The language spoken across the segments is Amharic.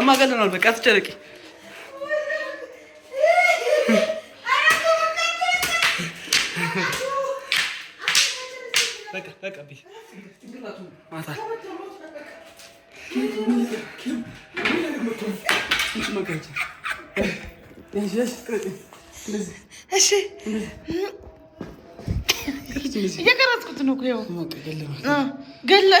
እማ ገለናል። በቃ አትጨነቂ። እሺ እየቀረጽኩት ነው እኮ ይኸው ገለ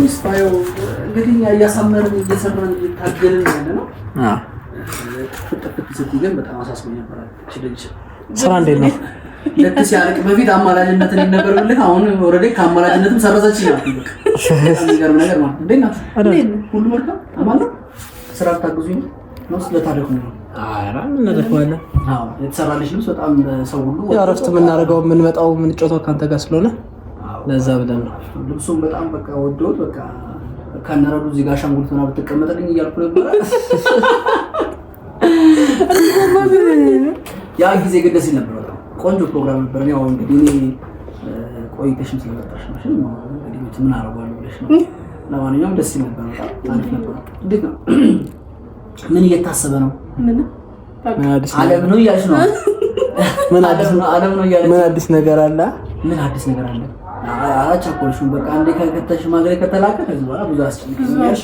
ትንሽ ባየው እንግዲህ እያሳመርን እየሰራን እየታገልን ያለ ነው። ፍጥፍጥ በጣም ስራ እንዴት ነው? ሲያልቅ በፊት አማላጅነት ነበር አሁን ወረደ ከአማላጅነትም ሰረዘች ይላል። ነገር ማለት እንዴት ናት? ሁሉ መልካም ስራ ታግዙኝ ነው ስለታደኩ ነው የተሰራልሽ ልብስ በጣም ሰው ሁሉ ያረፍት የምናደርገው የምንመጣው የምንጮተው ከአንተ ጋር ስለሆነ ለዛ ብለን ነው። ልብሱም በጣም በቃ ወደውት በቃ ከነረዱ እዚህ ጋር አሻንጉሊት ምናምን ብትቀመጥልኝ እያልኩ ነበረ። ያ ጊዜ ግን ደስ ይል ነበር። ቆንጆ ፕሮግራም ነበር። ያው እንግዲህ እኔ ቆይተሽም ስለመጣሽ ነው እንግዲህ ምን አደርገዋለሁ ብለሽ ነው። ለማንኛውም ደስ ይል ነበር። በጣም አሪፍ ነው? ምን እየታሰበ ነው? አለም ነው እያልሽ ነው? ምን አዲስ ነገር አለ? ምን አዲስ ነገር አለ? አላቸኮልሽም። በቃ አንዴ ከተሽ ማግሬ ከተላከ ከዚህ በኋላ ብዙ አስጨንቅሽ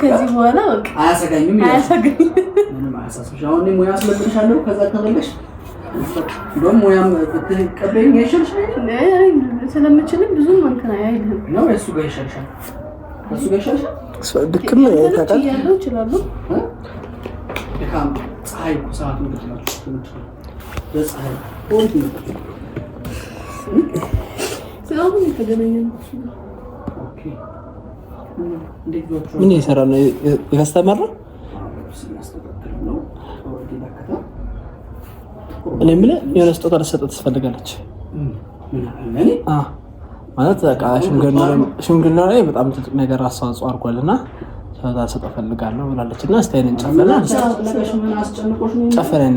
ከዚህ በኋላ አያሰጋኝም አያሰጋኝም። ሙያ አስለምድሻለሁ። ከዛ ከበለሽ እንደውም ሙያም ትቀበይኝ አይሻልሽ? ስለምችልም ብዙ እንትን አይልም ነው እሱ ጋር ይሻልሻል። ድክም ይችላሉ። ፀሐይ እኮ ነው ምን የሰራ ነው? የከስተመር ነው። እኔ የምልህ የሆነ ስጦታ ልትሰጠህ ትፈልጋለች ማለት ሽምግልና ላይ በጣም ትልቅ ነገር አስተዋጽኦ አድርጓል እና ሰዛ ሰጠ ፈልጋለሁ ብላለች እና እስቲ ጨፈና ጨፈረን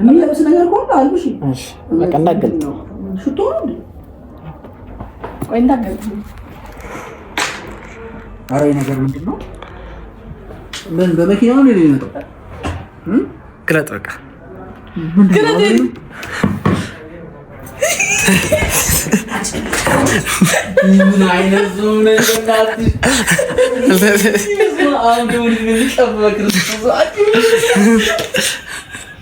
የሚለብስ ነገር ከሆነ አልብሽ። በቃ እንዳገልጥ ሽቶ ቆይ እንዳገልጥ። ኧረ ነገር ምንድን ነው? ምን በመኪናው ነው የሚመጣው? ግለጥ በቃ ግለጥ።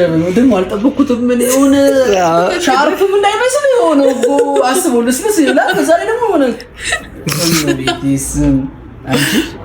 ረብሎ ደግሞ አልጠበኩትም። ምን የሆነ ሻርፕም እንዳይመስል የሆነ አስቦ ልስልስ ይላል። ከዛ ላይ ደግሞ ሆነ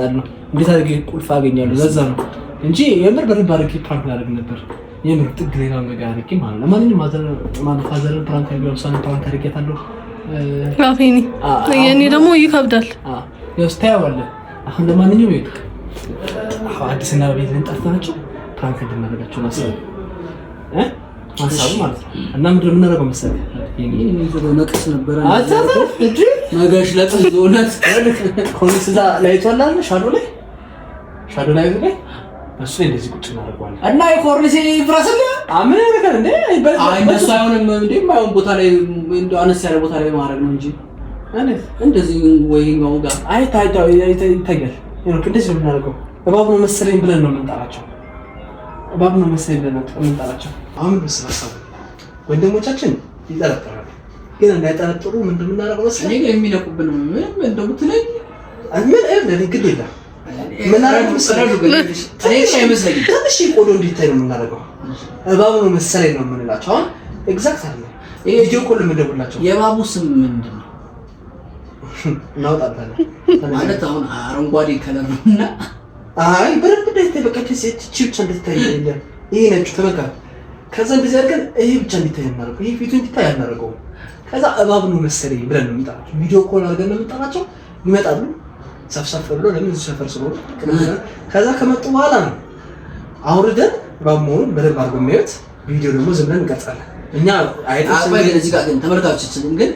መምጣት እንዴት አድርጌ ቁልፍ አገኛለሁ? ለዛ ነው እንጂ የምር በደንብ አድርጌ ፕራንክ ላደርግ ነበር። የምር ጥግ ሌላ ነገር አድርጌ ማለት ነው። ማንንም ፋዘርን ፕራንክ ገብሳን ፕራንክ አድርጌታለሁ። ራፌኒ የኔ ደግሞ ይከብዳል ስታያዋለን። አሁን ለማንኛውም ይኸውልህ አዲስና ቤት ልንጠርታ ፕራንክ እንድናደርጋቸው ናስብ ሀሳብ ማለት ነው። እና ምድር የምናደርገው መሰለህ? እሱ እንደዚህ ቁጭ እናደርገዋለን እና የኮርኒሴ አምን ነገር እንደ እንደሱ አይሆንም። እንደ የማይሆን ቦታ ላይ አነስ ያለ ቦታ ላይ ማድረግ ነው እንጂ እንደዚህ ወይኛው ጋር አይ ታይታ ይታያል። እንደዚህ ነው የምናደርገው። እባብ ነው መሰለኝ ብለን ነው የምንጠራቸው እባብ ነው መሰለኝ ብለን አሁን በስራሳው ወንድሞቻችን ይጠረጥራሉ። ግን እንዳይጠረጥሩ ምንድን የምናደርገው መሰለኝ የሚለቁብን ምንም እንደው ትለኝ ምን እብነ ግድ የለም እንዲታይ ነው ነው መሰለኝ ነው አሁን ኤግዛክት ቪዲዮ ኮል ስም ማለት አሁን አረንጓዴ ከለር ነው እና አይ በደንብ እንዳይታይ በቃ ይቺ ብቻ እንድትታይ የለም ይሄ ነጩ ተበቃ። ከዛ እንደዚህ አድርገን ይሄ ብቻ እንዲታይ አናደርገው፣ ይሄ ፊቱ እንዲታይ አናደርገው። ከዛ እባብ ነው መሰለኝ ብለን ነው የምንጠራቸው። ቪዲዮ ኮል አድርገን ነው የምንጠራቸው። ይመጣሉ ሰፍሰፍ ብሎ ለምን እዚህ ሰፈር ስለሆነ። ከዛ ከመጡ በኋላ ነው አውርደን እባብ መሆኑን በደንብ አድርገው የሚያዩት። ቪዲዮ ደግሞ ዝም ብለን እንቀርጻለን እኛ ግን እዚህ ጋር ግን ተመልካቾቻችን ግን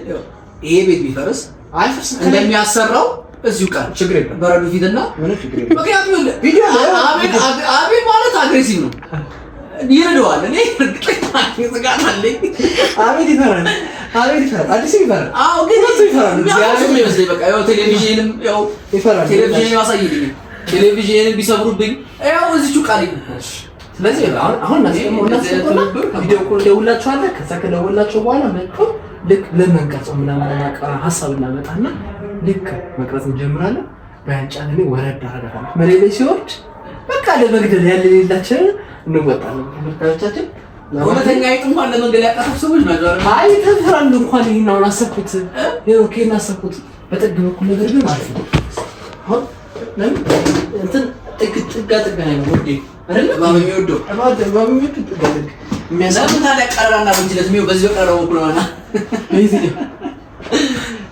ይሄ ቤት ቢፈርስ አይፈርስም እንደሚያሰራው እዚሁ ቃል ችግር የለም። በረዶ ፊትና ምንም ችግር የለም። ምክንያቱም ቪዲዮ አቤል አቤል ማለት አግሬሲቭ ነው፣ ይረዳዋል። እኔ ስጋት አለኝ። አቤል ይፈራል፣ አቤል ይፈራል፣ አዲስ ይፈራል። አዎ ግን እሱ ይፈራል። ያሱም ይመስለኝ በቃ ያው ቴሌቪዥንም ያው ይፈራል። ቴሌቪዥን ያሳይልኝ፣ ቴሌቪዥን ቢሰብሩብኝ ያው እዚቹ ቃል ይፈራል። ስለዚህ አሁን አሁን ቪዲዮ ኮል ደውላችኋለሁ። ከዛ ከደውላችሁ በኋላ መጥቶ ልክ ለመንቀጽ ምናምን ሀሳብ እናመጣና ልክ መቅረጽ እንጀምራለን። በያንጫን እኔ ወረድ አደርጋለሁ። መሬት ላይ ሲወርድ በቃ ለመግደል ያለ ሌላችን እንወጣለን። ምርታቻችን እውነተኛ አይጥ እንኳን ለመንገድ ያቀፉ ሰዎች ናቸው። አይ ተፈራሉ እንኳን ይህን አሁን አሰብኩት፣ ኦኬ እናሰብኩት በጥግ በኩል ነገር ግን ማለት ነው አሁን ለምን እንትን ጥግ ጥጋ ጥጋ ነው ወዴ በዚህ የሚወደው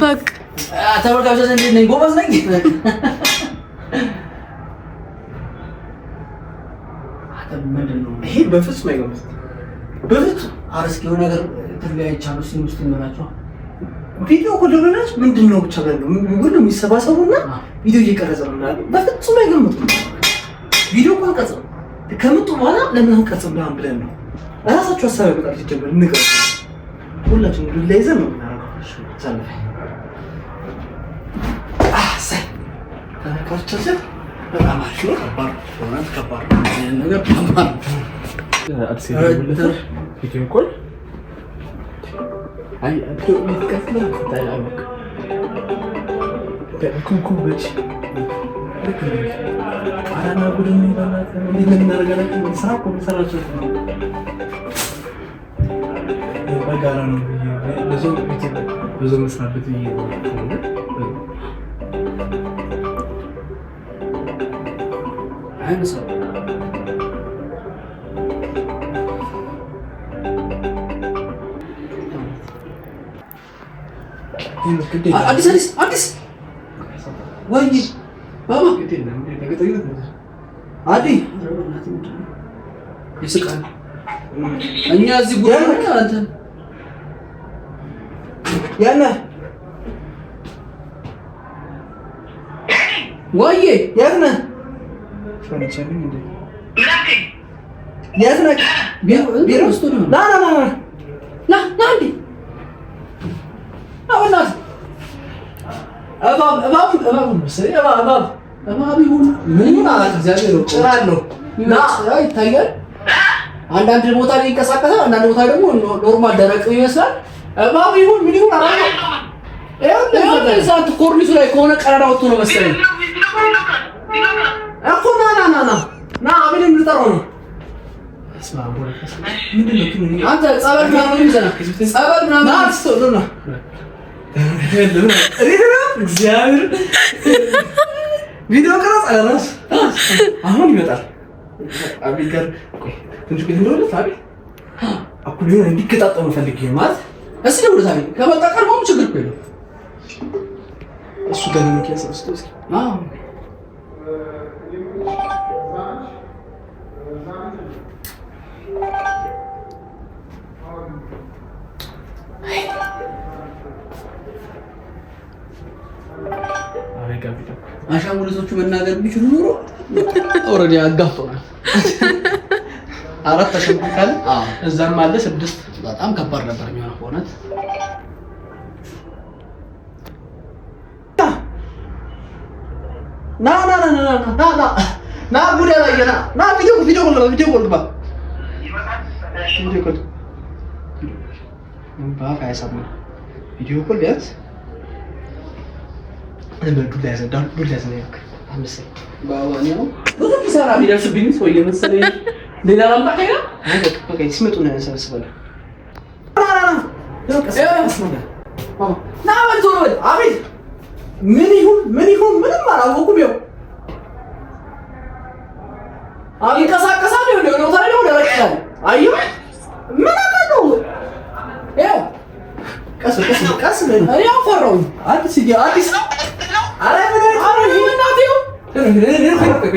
በቃ ተመልካቾች እንዴት ነኝ? ጎበዝ ነኝ። ይሄ በፍጹም አይገባም። በፍጹም የሆነ ነገር ውስጥ ቪዲዮ ምንድን ነው ብቻ ነው ሁሉም የሚሰባሰቡና ቪዲዮ እየቀረጸ ነው ምናምን። በፍጹም አይገምቱም። ቪዲዮ እኮ ከምጡ በኋላ ለምን አንቀጽ ብለን ነው እራሳቸው ሀሳብ ያመጣል ሲጀመር ንገ ሁላችን ዱላ ይዘን ነው استنى احسن انا كنت شنو كبر شنو تكبر انا كبر فيديو كول هاي ابدو متكفلك تاع عمك كون كون بيتش انا اقول اني بنات من نرجعك من ساق ومن سراج በጋራ ነው ብዙ በዘሮች ናበት አዲስ አዲስ ባባ አዲ ይስቃል። እኛ እዚህ ጉዳይ አንተ የነ ወይዬ የት ነህ? ይታያል። አንዳንድ ቦታ ላይ ይንቀሳቀሳል፣ አንዳንድ ቦታ ደግሞ ኖርማል ደረቅ ይመስላል። እባብ ይሁን ምን ይሁን አራ ኮርኒሱ ላይ ከሆነ ቀዳዳ ወጥቶ ነው መሰለኝ እኮ ና ና ና ና ና አብን የምንጠራው ነው። አንተ ጸበል ምናምን ይዘና ጸበል ምናምን አንስቶ ነው ነው እግዚአብሔር ቪዲዮ ቀረጽ አለራስ አሁን ይመጣል። አብይ ጋር ትንሽ ግን እንደሆነ ታዲያ አኩል እንዲገጣጠሙ ፈልጌ ማለት እስኪ ወደ ዛሬ ከመጣ ቀርቦም ችግር እኮ የለም። እሱ ገና መኪና ሰብስቶ እስኪ አሻንጉሊቶቹ መናገር ቢችሉ ኖሮ ኦልሬዲ አጋፍጦናል። አራት ተሸምቅቀን እዛም አለ ስድስት። በጣም ከባድ ነበር የሚሆነው በእውነት ና ና ና ና ና ና ና ጉድ ያላየ ና ና ቪዲዮ ቪዲዮ ኮል ቪዲዮ ኮል ቪዲዮ ኮል ቢያንስ ዱላ ያዘ ዱላ ያዘ ብዙ ሰራ ቢደርስብኝ ሰው እየመሰለኝ ሌላ ላምጣ ከሌላ ሲመጡ ነው ያንሰበስባለሁ። አቤት ምን ይሁን ምን ይሁን ምንም አላወኩም። ያው ይንቀሳቀሳል የሆነ ቦታ ላይ ሆነ ረቅቃል። አየ ምን አለው ያው ቀስ ቀስ ቀስ እኔ አፈራው አዲስ አዲስ አረ ምን አረ ይሁን ናቴው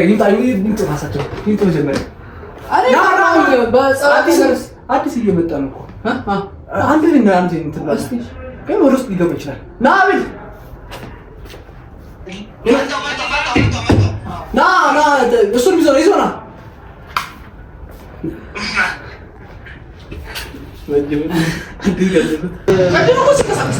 ይምጣ ይምጡ ራሳቸው ይምጡ መጀመሪያ አዲስ እየመጣ ነው እኮ አንድ ና አንድ ግን ወደ ውስጥ ሊገባ ይችላል። ና አቤል ና ና እሱን ይዞ ይዞ ና ቅድም እኮ ሲንቀሳቀስ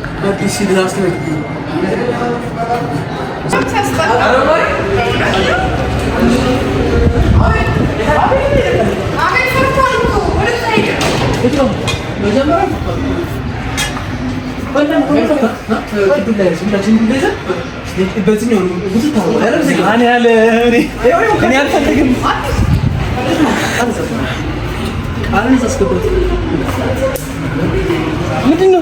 Ben dişi üniversite bekliyorum. Arabayı. يعني هلا يعني عارفه تجيب ምንድን ነው?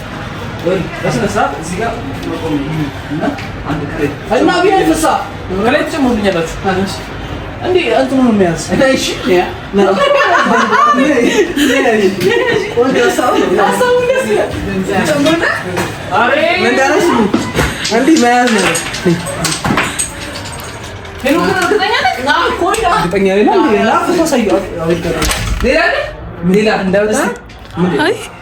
እና ቢሆን ፍሳ ከላይ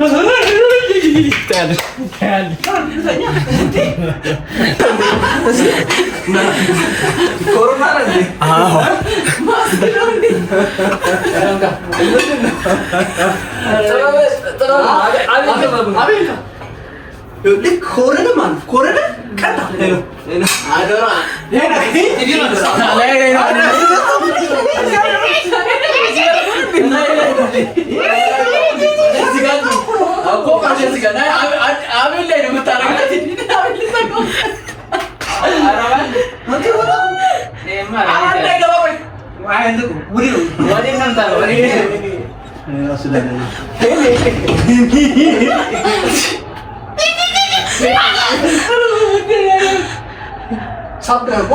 Ted. Ted. కొరున్నారండి కొరడు మన కొరడు కదా నేను አቤል ላይ ነው የምታረግላት። ሳብ ደግሞ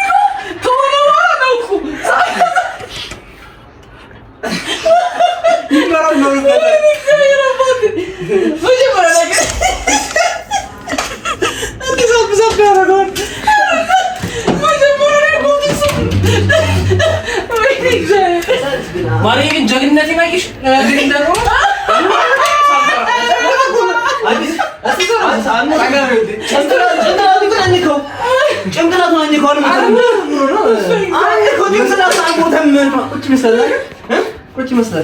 bunlara yorumlara. Hocam arada Herkes alt bize bir ara var. Hocam oraya buldusun. Ne güzel. Mariye'nin cennetine gir. Cennetinden Ne Anne kocuğum sana sen buradan mı? Uç mesela. Uç mesela.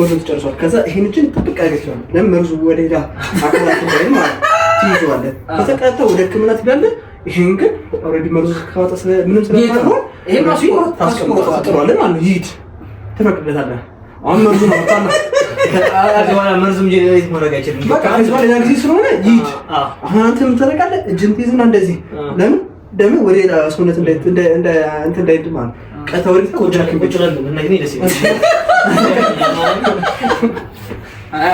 መርዙ ጨርሷል። ከዛ ይሄን እጅን ጥብቅ ያገኘዋል። ለምን መርዙ ወደ ሄዳ አካላት ላይ ማለት ትይዘዋለህ። ከዛ ቀጥታ ወደ ሕክምና ትሄዳለህ። ይሄን ግን ኦልሬዲ መርዙ ከዋጠ ምንም ስለማይሆን ይሄ ፓስፖርት ፓስፖርት ይሂድ ትፈቅድለታለህ። አሁን መርዙ ማጣና መርዙም ለምን ወደ ሰውነት እንደ እንደ ቆጃ ከብጭራል እና ግን ይላል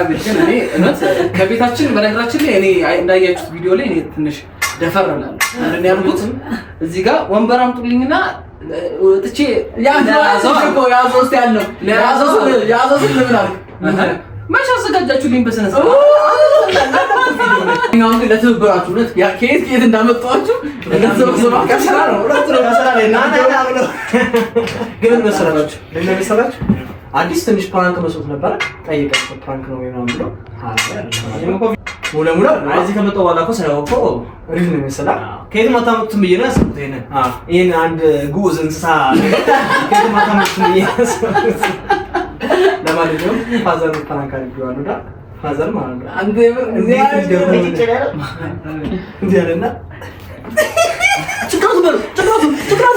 ግን እኔ እውነት ከቤታችን በነገራችን ላይ እኔ እንዳያችሁት ቪዲዮ ላይ እኔ ትንሽ ደፈር እላለሁ ያልኩት እዚህ ጋር ወንበር አምጡልኝና ጥቼ መቼ አዘጋጃችሁልኝ በስነ አሁን ግን ለትብብራችሁ እውነት ከየት ከየት እንዳመጣችሁ ግን መሰላችሁ አዲስ ትንሽ ፕራንክ መስሎት ነበረ። ጠይቀህ ፕራንክ ነው ምናምን ብሎ ሙለ ሙለ እዚህ ከመጣሁ በኋላ እኮ ስላወቀው ሪፍ ነው ይመስላል። ከየት ማታመጡትም ብዬ ነው ያሰብኩት። ይሄን አንድ ግዑዝ እንስሳ ከየት ማታመጡትም ብዬ ነው ያሰብኩት። ለማንኛውም ፋዘር ፕራንክ አድርጌዋለሁ። ዳ ፋዘር ማለት ነው እንዲህ አለና ጭቅላት በሉ ጭቅላት ጭቅላት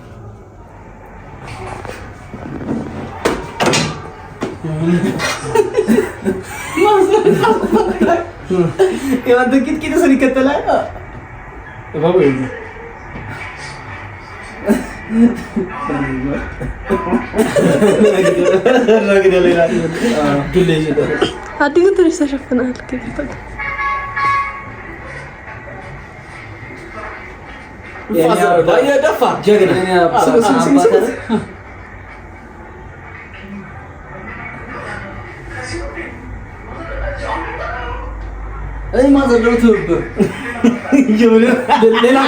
የዋንተ ቂጥቂጥ ስን ይከተላል። አዲጉ ትንሽ ተሸፍናል። ደፋ ጀግና እኔ ማዘደው ትብብር ሌላ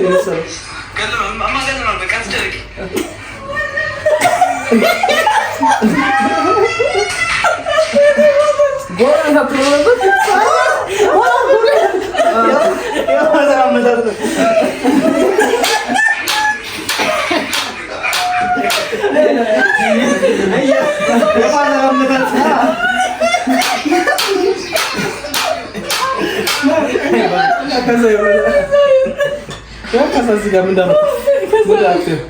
seriously እዚህ ጋር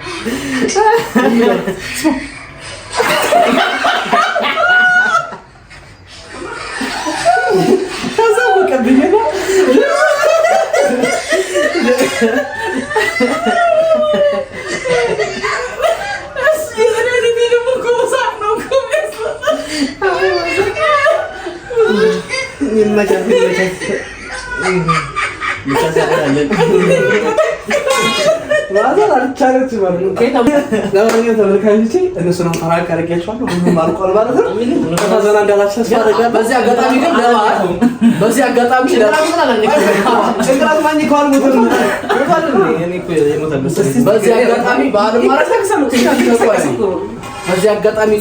ለማንኛውም ተመልካቾቼ እነሱንም አራቅ አጋጣሚ በዚህ አጋጣሚ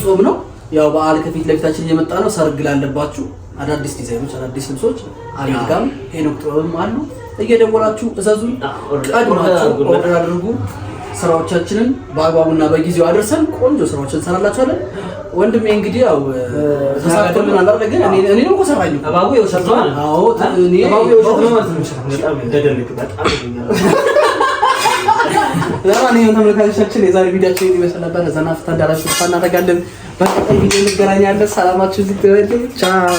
ጾም ነው። ያው በዓል ከፊት ለፊታችን እየመጣ ነው። ሰርግ ላለባችሁ አዳዲስ ዲዛይኖች፣ አዳዲስ ልብሶች አልጋም ሄኖክ ጥበብም አሉ። እየደወላችሁ እዘዙኝ፣ ቀድማችሁ ኦርደር አድርጉ። ስራዎቻችንን በአግባቡና በጊዜው አድርሰን ቆንጆ ስራዎችን እንሰራላችኋለን። ወንድሜ እንግዲህ ያው ተሳክቶልን አላለ፣ ግን እኔ እኔ ነው ሰራኝ። አባቡ የውሸት ነው። አዎ እኔ እባቡ የውሸት ተመልካቾቻችን የዛሬ ቪዲዮችን ይመስል ነበር። ዘና ፍታ እንዳላችሁ እናደርጋለን። በቀጣይ ቪዲዮ እንገናኛለን። ሰላማችሁ ይብዛልኝ። ቻው